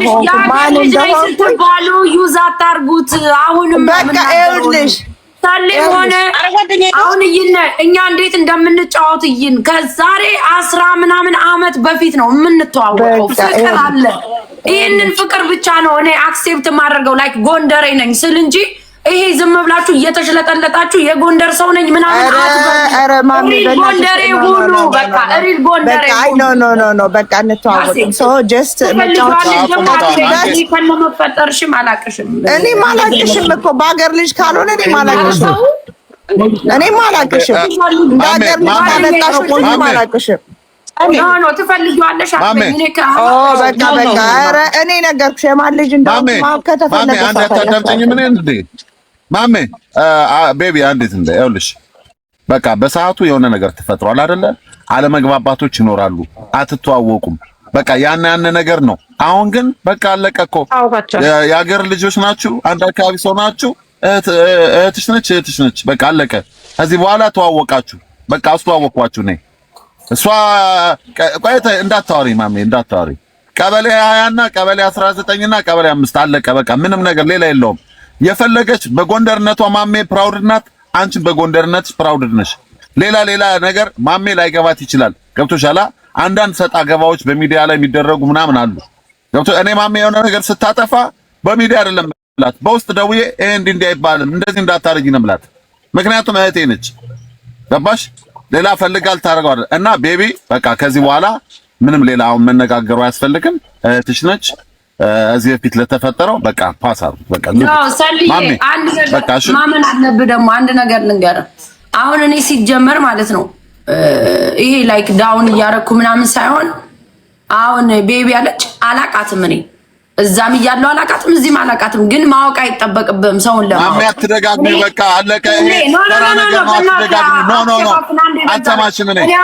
እንደሆንኩ ማን እንደሆንኩ ባሉ ዩዝ አታርጉት። አሁንም በቃ ይኸውልሽ ታለም ሆነ አሁን ይነ እኛ እንዴት እንደምንጫወት ይን ከዛሬ አስራ ምናምን አመት በፊት ነው የምንተዋወቀው። ፍቅር አለ። ይህንን ፍቅር ብቻ ነው እኔ አክሴፕት የማደርገው። ላይክ ጎንደሬ ነኝ ስል እንጂ ይሄ ዝም ብላችሁ እየተሽለጠለጣችሁ የጎንደር ሰው ነኝ ምናምን በቃ ኖ ኖ ኖ ኖ በቃ ሶ ጀስት እኔ ማላቅሽም እኮ በሀገር ልጅ ካልሆነ እኔ ማላቅሽም እኔ እንደ ሀገር ልጅ ካመጣሽ እኔ ማላቅሽም ትፈልጊዋለሽ በቃ በቃ። እኔ ነገርኩሽ የማን ልጅ እንደማ ከተፈለገ ማሜ ቤቢ አንዴት እንደ ይኸውልሽ በቃ በሰዓቱ የሆነ ነገር ተፈጥሯል አይደለ? አለመግባባቶች ይኖራሉ፣ አትተዋወቁም። በቃ ያን ያን ነገር ነው። አሁን ግን በቃ አለቀ እኮ። የአገር ልጆች ናችሁ፣ አንድ አካባቢ ሰው ናችሁ። እህትሽ ነች፣ እህትሽ ነች። በቃ አለቀ። ከዚህ በኋላ ተዋወቃችሁ፣ በቃ አስተዋወቅኳችሁ። ነይ እሷ ቆይ እንዳታወሪ ማሜ እንዳታወሪ። ቀበሌ 20 እና ቀበሌ 19 እና ቀበሌ አምስት አለቀ። በቃ ምንም ነገር ሌላ የለውም። የፈለገች በጎንደርነቷ ማሜ ፕራውድ ናት። አንቺን በጎንደርነት ፕራውድ ነሽ። ሌላ ሌላ ነገር ማሜ ላይገባት ይችላል። ገብቶሻላ። አንዳንድ ሰጣ ገባዎች በሚዲያ ላይ የሚደረጉ ምናምን አሉ። ገብቶ እኔ ማሜ የሆነ ነገር ስታጠፋ በሚዲያ አይደለም ብላት፣ በውስጥ ደውዬ ይሄ እንዲህ እንዲህ አይባልም እንደዚህ እንዳታረጊ ነው ብላት። ምክንያቱም እህቴ ነች። ገባሽ? ሌላ ፈልጋል ታደርገዋል። እና ቤቢ በቃ ከዚህ በኋላ ምንም ሌላ አሁን መነጋገሩ አያስፈልግም። እህትሽ ነች። እዚህ በፊት ለተፈጠረው በቃ ፓስ አድርጉት። በቃ ማመን አለብህ። ደግሞ አንድ ነገር ልንገርህ። አሁን እኔ ሲጀመር ማለት ነው ይሄ ላይክ ዳውን እያረኩ ምናምን ሳይሆን አሁን ቤቢ አለች አላቃትም እኔ እዛም እያለሁ አላውቃትም፣ እዚህም አላውቃትም። ግን ማወቅ አይጠበቅብህም ሰውን ለማወቅ አትደጋግሚ። በቃ አለቀ።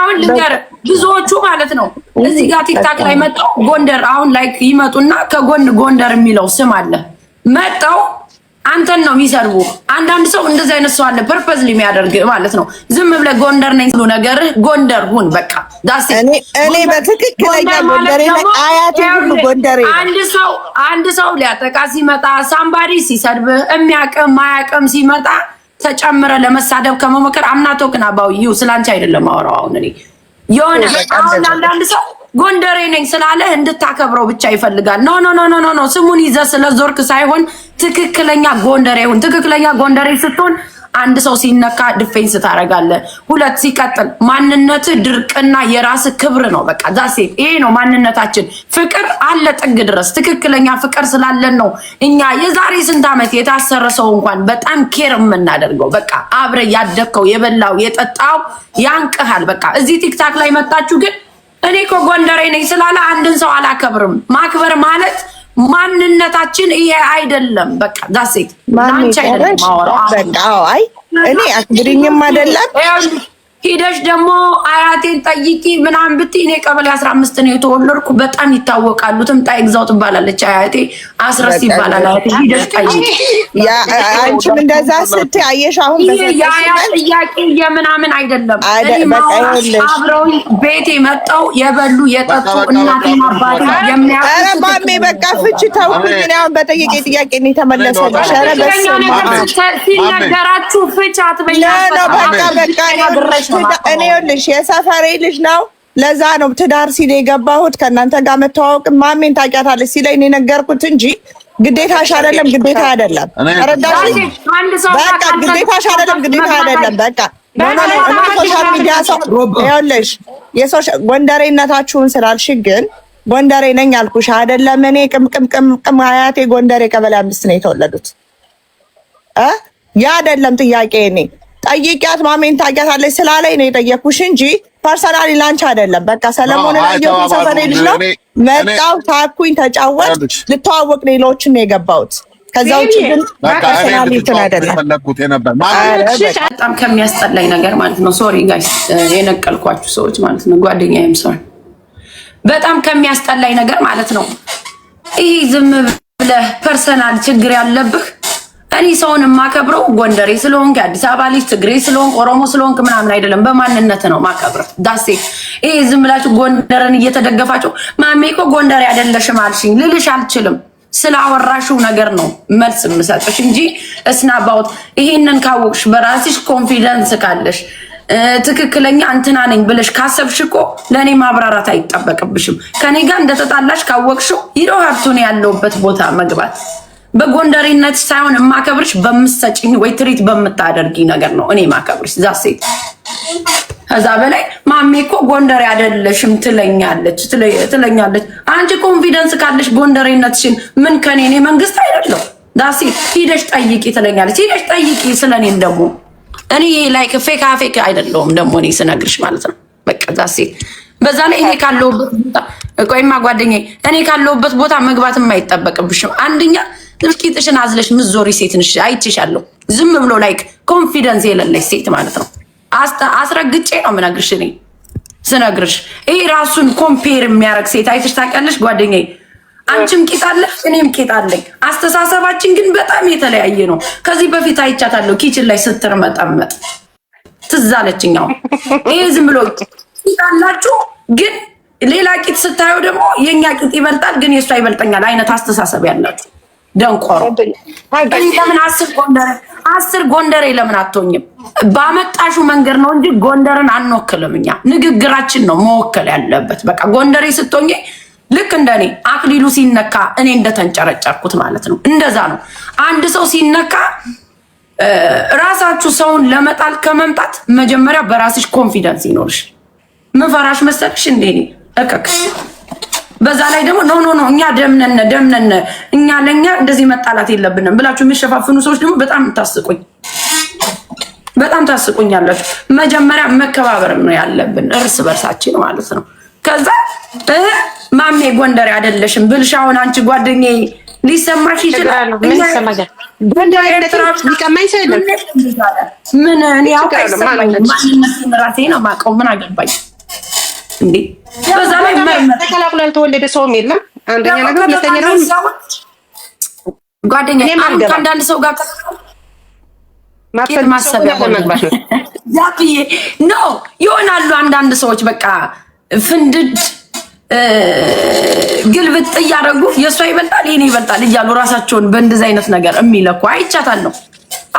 አሁን ልንገርህ፣ ብዙዎቹ ማለት ነው እዚህ ጋር ቲክታክ ላይ መጣው ጎንደር አሁን ላይክ ይመጡና ከጎን ጎንደር የሚለው ስም አለ መጣው አንተን ነው የሚሰድቡ። አንዳንድ ሰው እንደዚህ አይነት ሰው አለ ፐርፐዝ የሚያደርግ ማለት ነው። ዝም ብለህ ጎንደር ነኝ ብሎ ነገር ጎንደር ሁን በቃ ዳስ እኔ እኔ በትክክለኛ ጎንደሬ አያት ሁሉ ጎንደሬ። አንድ ሰው አንድ ሰው ሊያጠቃ ሲመጣ ሳምባዲ ሲሰድብህ የሚያቅም ማያቅም ሲመጣ ተጨምረ ለመሳደብ ከመሞከር አምናቶክን አባው ይው ስላንቺ አይደለም አወራው አሁን እኔ የሆነ አሁን አንዳንድ ሰው ጎንደሬ ነኝ ስላለ እንድታከብረው ብቻ ይፈልጋል። ኖ ኖ ኖ ኖ ኖ ስሙን ይዘህ ስለ ዞርክ ሳይሆን ትክክለኛ ጎንደሬ ሁን። ትክክለኛ ጎንደሬ ስትሆን አንድ ሰው ሲነካ ድፌንስ ታደርጋለህ። ሁለት ሲቀጥል ማንነት ድርቅና የራስ ክብር ነው። በቃ ዛሴ ይሄ ነው ማንነታችን። ፍቅር አለ ጥግ ድረስ ትክክለኛ ፍቅር ስላለን ነው እኛ የዛሬ ስንት ዓመት የታሰረ ሰው እንኳን በጣም ኬር የምናደርገው። በቃ አብረ ያደግከው የበላው የጠጣው ያንቅሃል። በቃ እዚህ ቲክታክ ላይ መጣችሁ ግን እኔ እኮ ጎንደሬ ነኝ ስላለ አንድን ሰው አላከብርም። ማክበር ማለት ማንነታችን ይሄ አይደለም። በቃ ጋሴት ማንቻ አይደለም። አዎ አይ እኔ አክብሪኝም አይደለም ሂደሽ ደግሞ አያቴን ጠይቂ ምናምን ብትይ እኔ ቀበሌ አስራ አምስት ነው የተወለድኩ። በጣም ይታወቃሉ። ትምጣ ይግዛው ትባላለች አያቴ። አስረስ ይባላል አያቴ። ሂደሽ ጠይቂ። አንቺም እንደዛ ስትይ አየሽ። አሁን የአያ ጥያቄ የምናምን አይደለም። አብረውኝ ቤቴ መጠው የበሉ የጠጡ እናቴን አባቴ የሚያውቁ በቃ ፍቺ ተውኩኝ። እኔ አሁን በጠየቄ ጥያቄ ነው የተመለሰልሽ። ኧረ በስመ አብ ሲነገራችሁ ፍቻት በቃ በቃ እኔ ልሽ የሰፈሬ ልጅ ነው። ለዛ ነው ትዳር ሲል የገባሁት ከእናንተ ጋር መተዋወቅ። ማሜን ታውቂያታለች ሲለኝ ነገርኩት እንጂ ግዴታሽ አይደለም፣ ግዴታ አይደለም። በቃ ግዴታሽ አይደለም፣ ግዴታ አይደለም። በቃ ሶሻል ሚዲያ ሰው ይኸውልሽ፣ ጎንደሬነታችሁን ስላልሽ ግን ጎንደሬ ነኝ አልኩሽ አይደለም። እኔ ቅምቅምቅምቅም ሀያቴ ጎንደሬ ቀበሌ አምስት ነው የተወለዱት። ያ አይደለም ጥያቄ እኔ ጠይቂያት ማሜን ታውቂያታለች ስላለኝ ነው የጠየኩሽ እንጂ ፐርሰናሊ ላንች አይደለም። በቃ ሰለሞን ያየሁት ሰፈሬ ልጅ ነው። መጣው ታኩኝ፣ ተጫወት፣ ልተዋወቅ ሌሎችን ነው የገባሁት። ከዛ ውጭ ግን ፐርሰናሊ እንትን አይደለም። በጣም ከሚያስጠላኝ ነገር ማለት ነው። ሶሪ ጋይስ የነቀልኳችሁ ሰዎች ማለት ነው። ጓደኛዬም ሰው በጣም ከሚያስጠላኝ ነገር ማለት ነው። ይህ ዝም ብለህ ፐርሰናል ችግር ያለብህ እኔ ሰውን የማከብረው ጎንደሬ ስለሆንክ የአዲስ አበባ ልጅ ትግሬ ስለሆንክ ኦሮሞ ስለሆንክ ምናምን አይደለም፣ በማንነት ነው ማከብረው። ዳሴ ይሄ ዝም ብላችሁ ጎንደርን እየተደገፋችሁ ማሜ እኮ ጎንደሬ አይደለሽም አልሽኝ ልልሽ አልችልም። ስላወራሽው ነገር ነው መልስ የምሰጥሽ እንጂ እስናባውት ይሄንን ካወቅሽ በራስሽ ኮንፊደንስ ካለሽ ትክክለኛ እንትና ነኝ ብለሽ ካሰብሽ እኮ ለእኔ ማብራራት አይጠበቅብሽም። ከኔ ጋር እንደተጣላሽ ካወቅሽው ሂዶ ሀብቱን ያለውበት ቦታ መግባት በጎንደሬነት ሳይሆን የማከብርሽ በምሰጭኝ ወይ ትሪት በምታደርጊ ነገር ነው እኔ ማከብርሽ። ዛሴት ሴት ከዛ በላይ ማሜ እኮ ጎንደሬ አይደለሽም ትለኛለች ትለኛለች። አንቺ ኮንፊደንስ ካለሽ ጎንደሬነትሽን ምን ከኔ እኔ መንግስት አይደለሁ ዳሴ ሂደሽ ጠይቂ ትለኛለች። ሂደሽ ጠይቂ ስለኔም ደግሞ እኔ ላይክ ፌካ ፌክ አይደለሁም ደግሞ እኔ ስነግርሽ ማለት ነው። በቃ ዳሴ በዛ ላይ እኔ ካለሁበት ቦታ ቆይማ ጓደኛዬ እኔ ካለሁበት ቦታ መግባትም አይጠበቅብሽም አንደኛ እልቂጥሽን አዝለሽ ምዞሪ ሴት ነሽ፣ አይቼሻለሁ። ዝም ብሎ ላይክ ኮንፊደንስ የሌለሽ ሴት ማለት ነው። አስረግጬ ነው የምነግርሽ እኔ ስነግርሽ። ይሄ ራሱን ኮምፔር የሚያደርግ ሴት አይተሽ ታውቂያለሽ ጓደኛዬ? አንቺም ቂጣለሽ እኔም ቂጣለኝ። አስተሳሰባችን ግን በጣም የተለያየ ነው። ከዚህ በፊት አይቻታለሁ ኪችን ላይ ስትር መጠመጥ ትዝ አለችኝ። ዝም ብሎ ቂጣላችሁ ግን ሌላ ቂጥ ስታየው ደግሞ የእኛ ቂጥ ይበልጣል ግን የእሷ ይበልጠኛል አይነት አስተሳሰብ ያላችሁ ደንቆሮ ለምን አስር ጎንደር አስር ጎንደሬ ለምን አትሆኝም? ባመጣሹ መንገድ ነው እንጂ ጎንደርን አንወክልም እኛ። ንግግራችን ነው መወከል ያለበት። በቃ ጎንደሬ ስትሆኝ ልክ እንደኔ አክሊሉ ሲነካ እኔ እንደተንጨረጨርኩት ማለት ነው። እንደዛ ነው። አንድ ሰው ሲነካ ራሳችሁ ሰውን ለመጣል ከመምጣት መጀመሪያ በራስሽ ኮንፊደንስ ይኖርሽ። ምፈራሽ መሰልሽ እንዴ እከክሽ በዛ ላይ ደግሞ ኖ ኖ ኖ እኛ ደምነነ ደምነነ እኛ ለእኛ እንደዚህ መጣላት የለብንም ብላችሁ የሚሸፋፍኑ ሰዎች ደግሞ በጣም ታስቁኝ በጣም ታስቁኛላችሁ። መጀመሪያ መከባበር ነው ያለብን እርስ በርሳችን ማለት ነው። ከዛ ማሜ ጎንደሬ አይደለሽም ብልሻውን አንቺ ጓደኛዬ ሊሰማሽ ይችላል። ምን ራሴ ነው ማቀው ምን አገባኝ እንዴ በዛ ላይ ተቀላቅሎ ያልተወለደ ሰውም የለም። አንደኛ ነገር፣ ሁለተኛ ሰው ጋር መግባት ነው ኖ ይሆናሉ። አንዳንድ ሰዎች በቃ ፍንድድ ግልብጥ እያደረጉ የእሷ ይበልጣል ይሄን ይበልጣል እያሉ ራሳቸውን በእንደዚህ አይነት ነገር የሚለኩ አይቻታለሁ።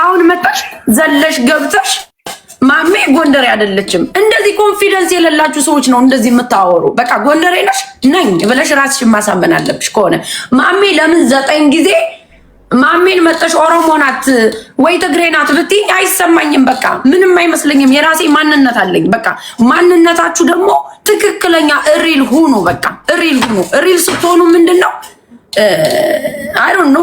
አሁን መጣሽ ዘለሽ ገብተሽ ማሜ ጎንደሬ አይደለችም። እንደዚህ ኮንፊደንስ የሌላችሁ ሰዎች ነው እንደዚህ የምታወሩ። በቃ ጎንደሬ ነሽ ነኝ ብለሽ ራስሽ ማሳመን አለብሽ። ከሆነ ማሜ ለምን ዘጠኝ ጊዜ ማሜን መጠሽ ኦሮሞ ናት ወይ ትግሬ ናት ብትይኝ አይሰማኝም። በቃ ምንም አይመስለኝም። የራሴ ማንነት አለኝ። በቃ ማንነታችሁ ደግሞ ትክክለኛ እሪል ሁኑ። በቃ እሪል ሁኑ። እሪል ስትሆኑ ምንድን ነው አይ ኖ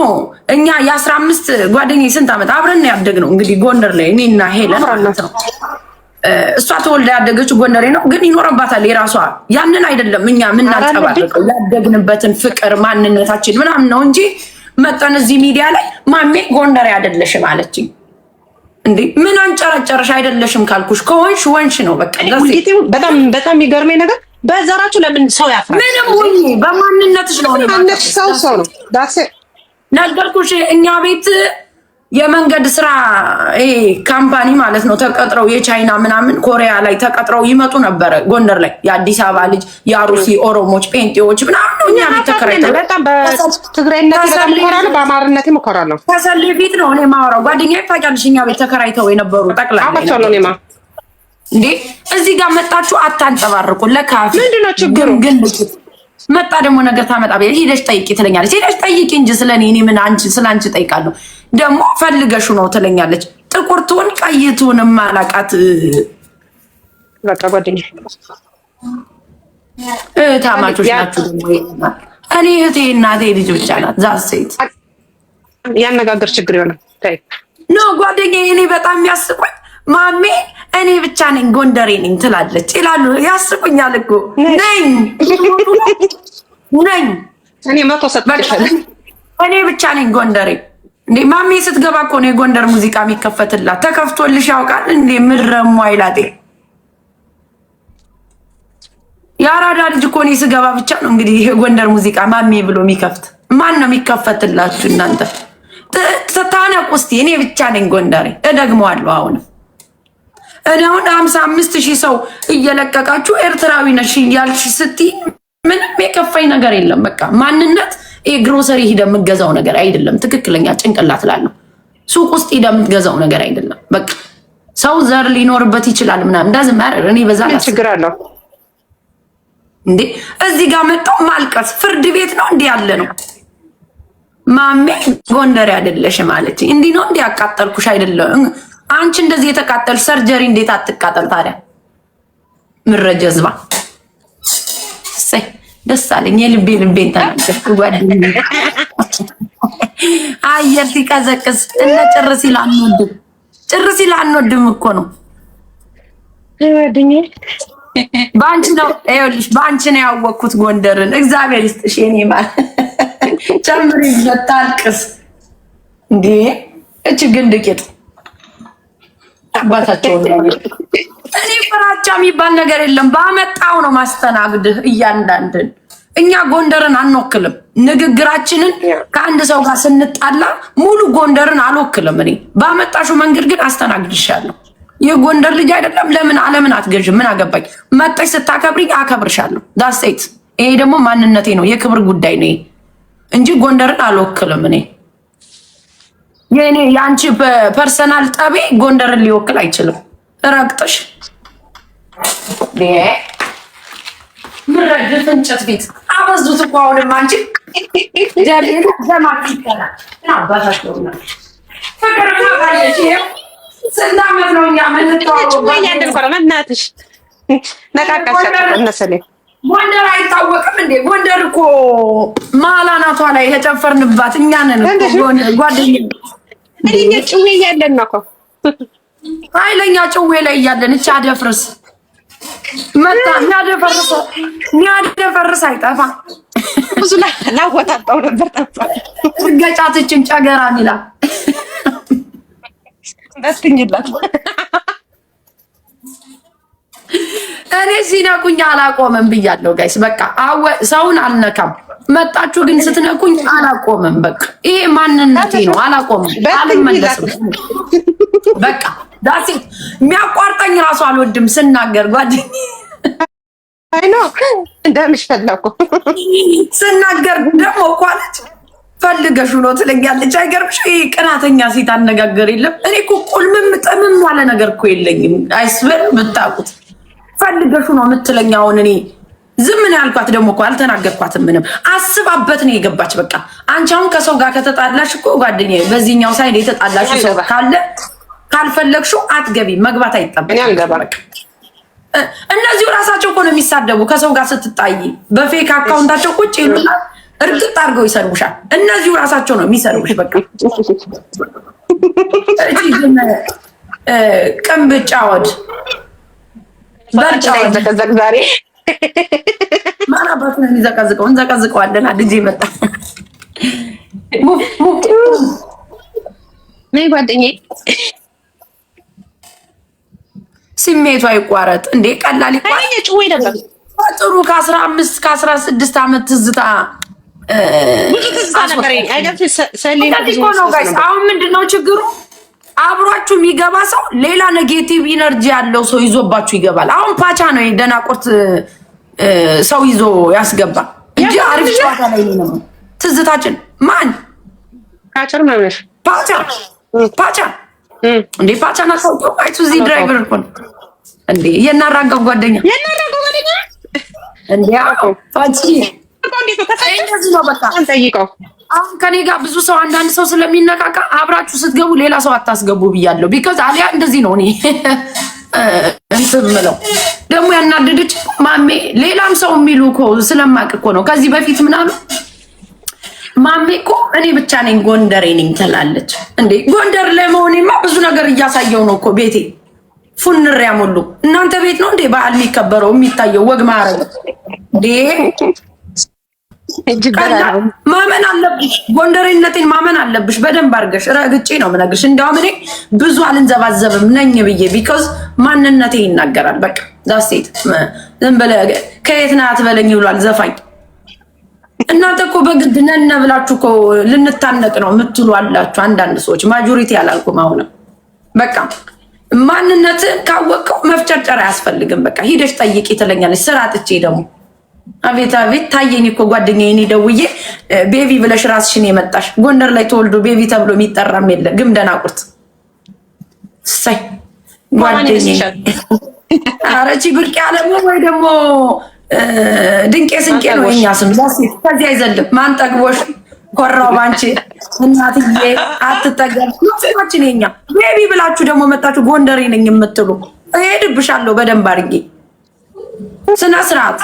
እኛ የአስራ አምስት ጓደኛ ስንት ዓመት አብረን ነው ያደግነው። እንግዲህ ጎንደር ላይ እኔና ሄለን ማለት ነው። እሷ ተወልዳ ያደገችው ጎንደሬ ነው፣ ግን ይኖረባታል የራሷ። ያንን አይደለም እኛ የምናንጸባርቀው ያደግንበትን ፍቅር፣ ማንነታችን ምናምን ነው እንጂ መጠን እዚህ ሚዲያ ላይ ማሜ ጎንደሬ አይደለሽም አለችኝ። እንዴ ምን አንጨረጨረሽ? አይደለሽም ካልኩሽ ከሆንሽ ወንሽ ነው በቃ። በጣም በጣም የሚገርመኝ ነገር በዘራችሁ ለምን ሰው ያፍራል? ምንም ሁኚ በማንነትሽ ነው። ሰው ሰው ነው። ዳሴ ነገርኩሽ። እኛ ቤት የመንገድ ስራ ይሄ ካምፓኒ ማለት ነው ተቀጥረው የቻይና ምናምን ኮሪያ ላይ ተቀጥረው ይመጡ ነበረ ጎንደር ላይ የአዲስ አበባ ልጅ የአሩሲ ኦሮሞች፣ ፔንጤዎች ምናምን ነው እኛ ቤት ተከራይተው በአማርነት ይሞከራለሁ። ከሰሌ ፊት ነው እኔ የማወራው ጓደኛዬ ታውቂያለሽ፣ እኛ ቤት ተከራይተው የነበሩ ጠቅላላ እንዴ እዚህ ጋር መጣችሁ አታንጸባርቁ። ለካፌ ምንድነው ችግሩ? ግን መጣ ደግሞ ነገር ታመጣ ሄደሽ ጠይቂ ትለኛለች። ሄደሽ ጠይቂ እንጂ ስለ እኔ ምን አንቺ ስለ አንቺ ጠይቃለሁ። ደግሞ ፈልገሹ ነው ትለኛለች። ጥቁር ትሁን ቀይ ትሁን ማላቃት በቃ ጓደኛ ታማቾች ናችሁ። እኔ እህቴ እናቴ ልጅ ብቻ ናት። ዛት ሴት ያነጋገር ችግር ይሆናል። ኖ ጓደኛ እኔ በጣም ያስቆኝ ማሜ እኔ ብቻ ነኝ ጎንደሬ ነኝ ትላለች ይላሉ። ያስቁኛል እኮ ነኝ ነኝ እኔ መቶ እኔ ብቻ ነኝ ጎንደሬ። እንዴ ማሜ ስትገባ እኮ ነው የጎንደር ሙዚቃ የሚከፈትላት። ተከፍቶልሽ ያውቃል እንዴ? ምረሙ አይላጤ የአራዳ ልጅ እኮ እኔ ስገባ ብቻ ነው እንግዲህ የጎንደር ሙዚቃ ማሜ ብሎ የሚከፍት ማን ነው የሚከፈትላችሁ እናንተ? ታነቁ እስቲ እኔ ብቻ ነኝ ጎንደሬ። እደግመዋለሁ አሁንም እኔ አሁን ሀምሳ አምስት ሺህ ሰው እየለቀቃችሁ ኤርትራዊ ነሽ እያልሽ ስትይ ምንም የከፋኝ ነገር የለም። በቃ ማንነት ይሄ ግሮሰሪ ሂደ የምትገዛው ነገር አይደለም። ትክክለኛ ጭንቅላት ላለው ሱቅ ውስጥ ሂደ የምትገዛው ነገር አይደለም። በቃ ሰው ዘር ሊኖርበት ይችላል ምናምን እንዳዝ ማር እኔ በዛ ችግር አለው እንዴ? እዚህ ጋር መጣው ማልቀስ ፍርድ ቤት ነው እንዲህ ያለ ነው። ማሜ ጎንደር አይደለሽ ማለች እንዲህ ነው እንዲህ ያቃጠልኩሽ አይደለም አንቺ እንደዚህ የተቃጠል ሰርጀሪ እንዴት አትቃጠል ታዲያ? ምረጀ ዝባ ደስ አለኝ። የልቤ ልቤን ተናገርኩ። አየር ሲቀዘቅዝ እነ ጭር ሲል አንወድም፣ ጭር ሲል አንወድም እኮ ነው። ጓደኛዬ በአንቺ ነው። ይኸውልሽ በአንቺ ነው ያወቅኩት ጎንደርን። እግዚአብሔር ይስጥሽ የኔ ማለት ጨምሪ፣ በታልቅስ እንዴ እች ግን ድቂጥ እኔ ፍራቻ የሚባል ነገር የለም። ባመጣው ነው ማስተናግድህ። እያንዳንድን እኛ ጎንደርን አንወክልም። ንግግራችንን ከአንድ ሰው ጋር ስንጣላ ሙሉ ጎንደርን አልወክልም። እኔ ባመጣሹ መንገድ ግን አስተናግድሻለሁ። የጎንደር ልጅ አይደለም። ለምን አለምን አትገዥ ምን አገባኝ። መጠሽ ስታከብሪኝ አከብርሻለሁ። ዳሴት። ይሄ ደግሞ ማንነቴ ነው፣ የክብር ጉዳይ ነው እንጂ ጎንደርን አልወክልም እኔ የኔ የአንቺ ፐርሰናል ጠቤ ጎንደርን ሊወክል አይችልም። ረግጥሽ ምረግፍ እንጨት ቤት አበዙት እኮ አሁንም አንቺ ጎንደር አይታወቅም እንዴ? ጎንደር እኮ መሀል አናቷ ላይ የጨፈርንባት እኛንን ጓደኛ እኔ ጭዌ እያለን ነው እኮ ኃይለኛ ጭዌ ላይ እያለን እቺ አደፍርስ መጣ ሚያደፈርስ ሚያደፈርስ አይጠፋ ብዙ ላወጣጣው ነበር ጠፋ። ገጫትችን ጨገራ ሚላ ደስ እኔ ሲነኩኝ አላቆምም ብያለሁ ጋይስ። በቃ አወ ሰውን አልነካም። መጣችሁ ግን ስትነኩኝ አላቆምም። በቃ ይሄ ማንነቴ ነው። አላቆምም፣ አልመለስም። በቃ ዳሲ የሚያቋርጠኝ ራሱ አልወድም ስናገር ጓደኝ ነው እንደምሽ ፈለኩ ስናገር ደግሞ ኳለች ፈልገሽ ነው ትለኛለች። አይገርምሽ? ይሄ ቅናተኛ ሴት አነጋገር የለም። እኔ እኮ ቁልምም ጥምም ያለ ነገር እኮ የለኝም። አይስበር ብታውቁት ፈልገሹ ነው የምትለኛውን እኔ ዝም ነው ያልኳት። ደግሞ እኮ አልተናገርኳትም ምንም። አስባበት ነው የገባች። በቃ አንቺ አሁን ከሰው ጋር ከተጣላሽ እኮ ጓደኛዬ፣ በዚህኛው ሳይድ የተጣላሽ ሰው ካለ ካልፈለግሹ አትገቢ። መግባት አይጠበቅ። እነዚሁ ራሳቸው እኮ ነው የሚሳደቡ ከሰው ጋር ስትጣይ፣ በፌክ አካውንታቸው ቁጭ ይሉና እርግጥ አድርገው ይሰድቡሻል። እነዚሁ ራሳቸው ነው የሚሰድቡሽ። በቃ ቅንብጫ ወድ ዘቀዘቅ ዛሬ ማን አባቱ ነው የሚዘቀዝቀው? እንዘቀዝቀዋለን። ልጅ መጣ ጓደኛዬ ስሜቷ ይቋረጥ እንዴ? ቀላል ጥሩ ከአስራ አምስት ከአስራ ስድስት ዓመት ትዝታ አሁን ምንድን ነው ችግሩ? አብሯችሁ የሚገባ ሰው ሌላ ኔጌቲቭ ኢነርጂ ያለው ሰው ይዞባችሁ ይገባል። አሁን ፓቻ ነው ደናቁርት ሰው ይዞ ያስገባ እንጂ አሪፍ ጨዋታ ላይ ነው። ትዝታችን ማን ፓቻር ነው ፓቻ ፓቻ እንዴ ፓቻና ሰው አይቱ እዚህ ድራይቨር እኮ ነው እንዴ የናራጋው ጓደኛ የናራጋው ጓደኛ እንዴ ፓቺ እንዴ አሁን ከኔ ጋር ብዙ ሰው አንዳንድ ሰው ስለሚነቃቃ አብራችሁ ስትገቡ ሌላ ሰው አታስገቡ ብያለሁ። ቢካዝ አሊያ እንደዚህ ነው። እኔ እንትን ምለው ደግሞ ያናደደች ማሜ ሌላም ሰው የሚሉ እኮ ስለማቅ እኮ ነው። ከዚህ በፊት ምናሉ ማሜ እኮ እኔ ብቻ ነኝ ጎንደሬ ነኝ ትላለች። እንዴ ጎንደር ለመሆኔማ ብዙ ነገር እያሳየው ነው እኮ ቤቴ ፉንር ያሞሉ እናንተ ቤት ነው እንዴ በዓል የሚከበረው የሚታየው ወግ ማረግ እንዴ ማመን አለብሽ። ጎንደሬነቴን ማመን አለብሽ በደንብ አድርገሽ። ረግጬ ነው የምነግርሽ። እንዲያውም እኔ ብዙ አልንዘባዘብም ነኝ ብዬ ቢኮዝ ማንነቴ ይናገራል። በቃ ዛሴት ዝም በለ ከየት ነህ አትበለኝ ብሏል ዘፋኝ። እናንተ እኮ በግድ ነነ ብላችሁ እኮ ልንታነቅ ነው የምትሉ አላችሁ አንዳንድ ሰዎች። ማጆሪቲ አላልኩም። አሁንም በቃ ማንነትን ካወቀው መፍጨርጨር አያስፈልግም። በቃ ሂደሽ ጠይቂ ትለኛለች። ስራ አጥቼ ደግሞ አቤት አቤት ታየኝ እኮ ጓደኛ እኔ ደውዬ ቤቢ ብለሽ ራስሽን የመጣሽ ጎንደር ላይ ተወልዶ ቤቢ ተብሎ የሚጠራም የለ ግም ደናቁርት ሳይ ጓደኛዬ። ብርቅ ያለም ወይ ደግሞ ድንቄ ስንቄ ነው የኛ ስም። ከዚህ አይዘልም። ማን ጠግቦሽ ኮራው ባንቺ እናትዬ አትጠጋችን። የኛ ቤቢ ብላችሁ ደግሞ መጣችሁ ጎንደሬ ነኝ የምትሉ ሄድብሻለሁ በደንብ አድርጌ ስነ ስርዓት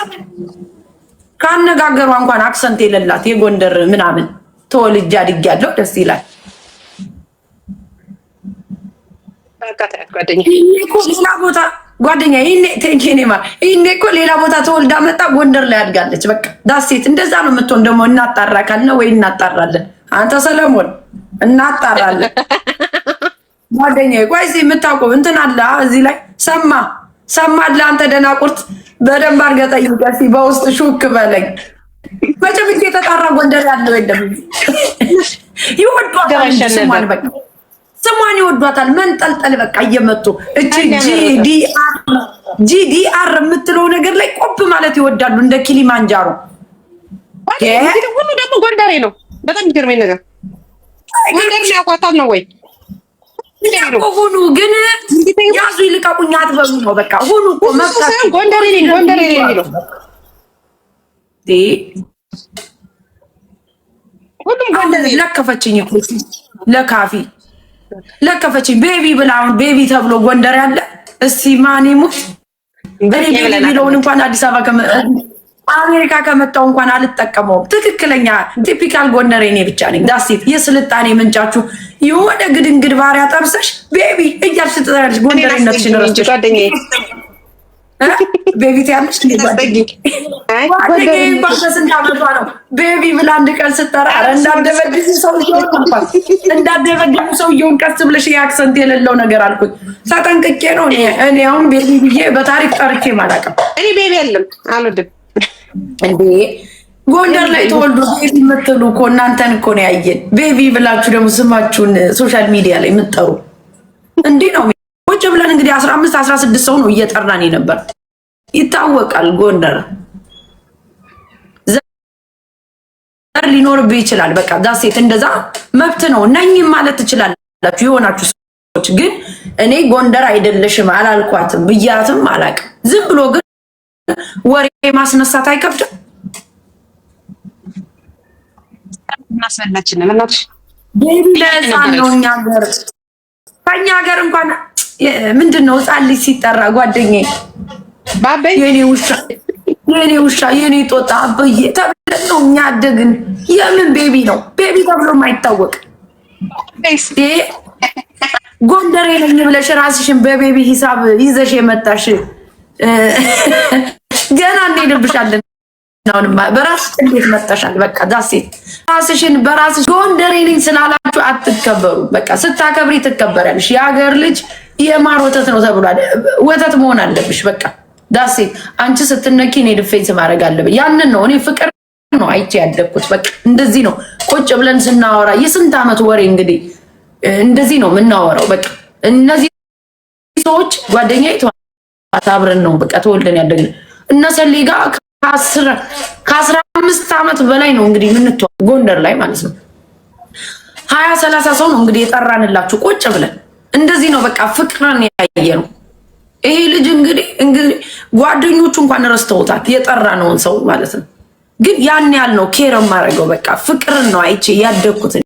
ከአነጋገሯ እንኳን አክሰንት የሌላት የጎንደር ምናምን ተወልጄ አድጌያለሁ። ደስ ይላል። ሌላ ቦታ ጓደኛ እኮ ሌላ ቦታ ተወልዳ መጣ ጎንደር ላይ አድጋለች። በቃ ዳሴት እንደዛ ነው የምትሆን። ደግሞ እናጣራ ካልነ ወይ እናጣራለን። አንተ ሰለሞን እናጣራለን። ጓደኛ ቆይ፣ የምታውቀው እንትን አለ እዚህ ላይ ሰማ ሰማ አለ አንተ ደናቁርት በደንብ አድርገህ ጠይቀህ እስኪ በውስጥ ሹክ በለኝ። መቼም እዚህ የተጣራ ጎንደር ያለው የለም። ይወዷታል፣ ስሟን በቃ ይወዷታል። መንጠልጠል በቃ እየመጡ እቺ ጂዲአር የምትለው ነገር ላይ ቆብ ማለት ይወዳሉ። እንደ ኪሊማንጃሮ ሁሉ ደግሞ ጎንደሬ ነው። በጣም ይገርመኝ ነገር ጎንደር ያውቋታል ነው ወይ ሁኑ ግን ያዙ ይልቀቁኝ አትበሉ ነው በቃ ሁኑ እኮ መብታችሁ። ጎንደሬ ነኝ ጎንደሬ ነኝ ነው ሁሉም ጎንደሬ ለከፈችኝ እኮ ለካፊ ለከፈችኝ ቤቢ ብላ አሁን ቤቢ ተብሎ ጎንደሬ አለ። እስቲ ማን ይሙት እኔ ቤቢ የሚለውን እንኳን አዲስ አበባ አሜሪካ ከመጣው እንኳን አልጠቀመውም። ትክክለኛ ቲፒካል ጎንደሬ እኔ ብቻ ነኝ። ዳሴት የስልጣኔ ምንጫችሁ የሆነ ግድንግድ ባሪያ ጠብሰሽ ቤቢ እያልሽ ትጠራለሽ። ጎንደሬነትሽን ረስተሽ ቤቢ ትያለሽ። ጓደኛዬ እንዳመቷ ነው ቤቢ ብላ አንድ ቀን ስጠራ እንዳደበድብ ሰውየውን እንዳደበድብ ሰውየውን ቀስ ብለሽ የአክሰንት የሌለው ነገር አልኩት። ተጠንቅቄ ነው እኔ አሁን ቤቢ ብዬ በታሪክ ጠርቼ ማላውቅም። እኔ ቤቢ የለም አልወድም እንዴ ጎንደር ላይ ተወልዶ ቤቢ የምትሉ እኮ እናንተን እኮ ነው ያየን። ቤቢ ብላችሁ ደግሞ ስማችሁን ሶሻል ሚዲያ ላይ የምትጠሩ እንዲህ ነው። ቁጭ ብለን እንግዲህ አስራ አምስት አስራ ስድስት ሰው ነው እየጠራን ነበር። ይታወቃል ጎንደር ዘር ሊኖርብህ ይችላል። በቃ ዛሴት እንደዛ መብት ነው። ነኝም ማለት ትችላላችሁ የሆናችሁ ሰዎች። ግን እኔ ጎንደር አይደለሽም አላልኳትም ብያትም አላቅም። ዝም ብሎ ግን ወሬ ማስነሳት አይከብድም። እናስበላችንን እናትሽ ለህፃን ሀገር ከኛ ሀገር እንኳን ምንድን ነው ህፃን ልጅ ሲጠራ ጓደኛ ባበይ የኔ ውሻ የኔ ውሻ የኔ ጦጣ አበየ ነው እኛ አደግን። የምን ቤቢ ነው ቤቢ ተብሎ የማይታወቅ ጎንደሬ ነኝ ብለሽ ራስሽን በቤቢ ሂሳብ ይዘሽ የመጣሽ ገና እንሄድብሻለን። አሁንማ በራስሽ እንዴት መጠሻል። በቃ ዳሴት ራስሽን በራስሽ ጎንደሬ ነኝ ስላላችሁ አትከበሩ። በቃ ስታከብሪ ትከበሪያለሽ። የሀገር ልጅ የማር ወተት ነው ተብሏል። ወተት መሆን አለብሽ። በቃ ዳሴት አንቺ ስትነኪ እኔ ድፌን ማድረግ አለብኝ። ያንን ነው እኔ ፍቅር ነው አይቼ ያደግኩት። በቃ እንደዚህ ነው ቁጭ ብለን ስናወራ የስንት ዓመት ወሬ እንግዲህ እንደዚህ ነው የምናወራው። በቃ እነዚህ ሰዎች ጓደኛ አብረን ነው በቃ ተወልደን ያደግን እነ ሰሌ ጋር ከአስራ አምስት ዓመት በላይ ነው እንግዲህ የምንተዋ ጎንደር ላይ ማለት ነው። ሀያ ሰላሳ ሰው ነው እንግዲህ የጠራንላችሁ ቁጭ ብለን እንደዚህ ነው በቃ ፍቅርን ያየ ነው። ይሄ ልጅ እንግዲህ እንግዲህ ጓደኞቹ እንኳን ረስተውታል የጠራነውን ሰው ማለት ነው። ግን ያን ያህል ነው ኬር የማደርገው በቃ ፍቅርን ነው አይቼ ያደግኩት